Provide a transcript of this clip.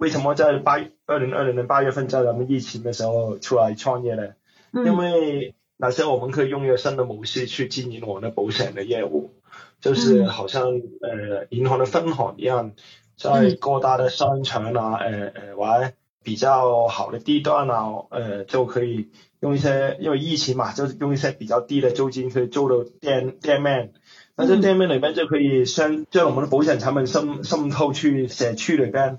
為什麼在八二零二零年八月份在咁樣疫情的時候出來創業呢？嗯、因為那些我們可以用一個新的模式去經營我們的保險的業務，就是好像、嗯、呃銀行的分行一樣，在各大的商場啊、呃呃，或者比較好的地段啊，呃，就可以用一些因為疫情嘛，就是、用一些比較低的租金可以租到店店面，那在店面裏面就可以將將我們的保險產品滲滲透去社區裏邊。